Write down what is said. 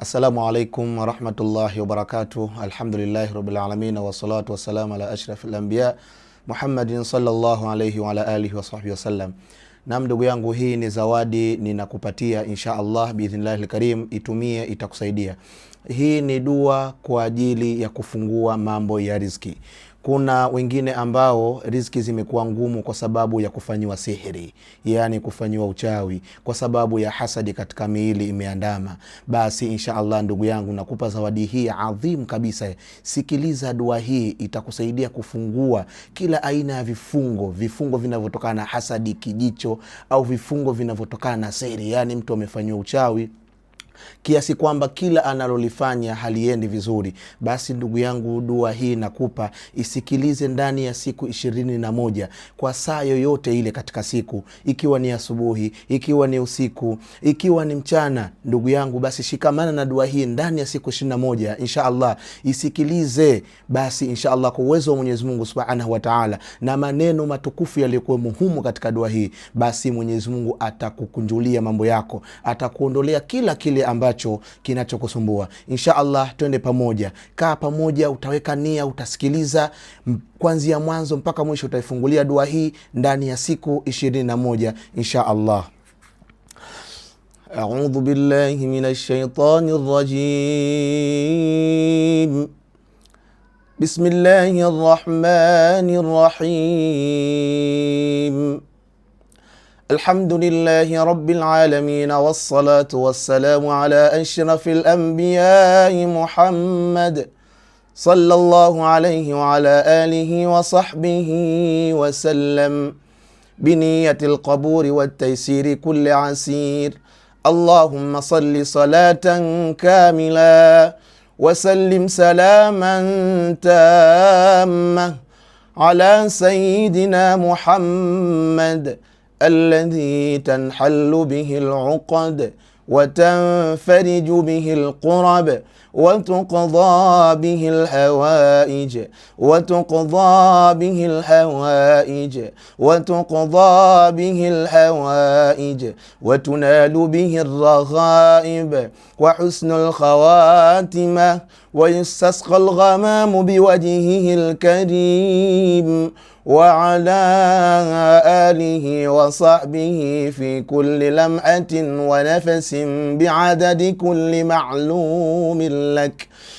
Assalamu alaikum warahmatullahi wabarakatuh. Alhamdulillahi rabbil alamin wassalatu wassalamu ala ashrafil anbiya Muhammadin sallallahu alayhi wa ala alihi wa sahbihi wasallam. Naam, ndugu yangu, hii ni zawadi ninakupatia insha Allah biidhnillahi lkarim, itumie itakusaidia. Hii ni dua kwa ajili ya kufungua mambo ya riziki. Kuna wengine ambao riziki zimekuwa ngumu kwa sababu ya kufanyiwa sihiri, yani kufanyiwa uchawi, kwa sababu ya hasadi katika miili imeandama. Basi insha allah, ndugu yangu, nakupa zawadi hii adhimu kabisa. Sikiliza dua hii, itakusaidia kufungua kila aina ya vifungo, vifungo vinavyotokana na hasadi, kijicho, au vifungo vinavyotokana na sihiri, yani mtu amefanyiwa uchawi kiasi kwamba kila analolifanya haliendi vizuri, basi ndugu yangu, dua hii nakupa isikilize ndani ya siku ishirini na moja kwa saa yoyote ile katika siku, ikiwa ni asubuhi, ikiwa ni usiku, ikiwa ni mchana. Ndugu yangu, basi shikamana na dua hii ndani ya siku ishirini na moja insha allah, isikilize basi insha allah, kwa uwezo wa Mwenyezi Mungu subhanahu wataala na maneno matukufu yaliyokuwa muhimu katika dua hii, basi Mwenyezi Mungu atakukunjulia mambo yako, atakuondolea kila kile ambacho kinachokusumbua. Insha Allah, twende pamoja, kaa pamoja, utaweka nia, utasikiliza kuanzia mwanzo mpaka mwisho, utaifungulia dua hii ndani ya siku ishirini na moja insha Allah. Audhu billahi minash shaitani rajim. Bismillahi rahmani rahim الحمد لله رب العالمين والصلاة والسلام على أشرف الأنبياء محمد صلى الله عليه وعلى آله وصحبه وسلم بنية القبور والتيسير كل عسير اللهم صل صلاة كاملة وسلم سلاما تامة على سيدنا محمد الذي تنحل به العقد وتنفرج به القرب وتقضى به الحوائج وتقضى به الحوائج وتقضى به الحوائج وتنال به الرغائب وحسن الخواتمة ويستسقى الغمام بوجهه الكريم وعلى آله وصحبه في كل لمعة ونفس بعدد كل معلوم لك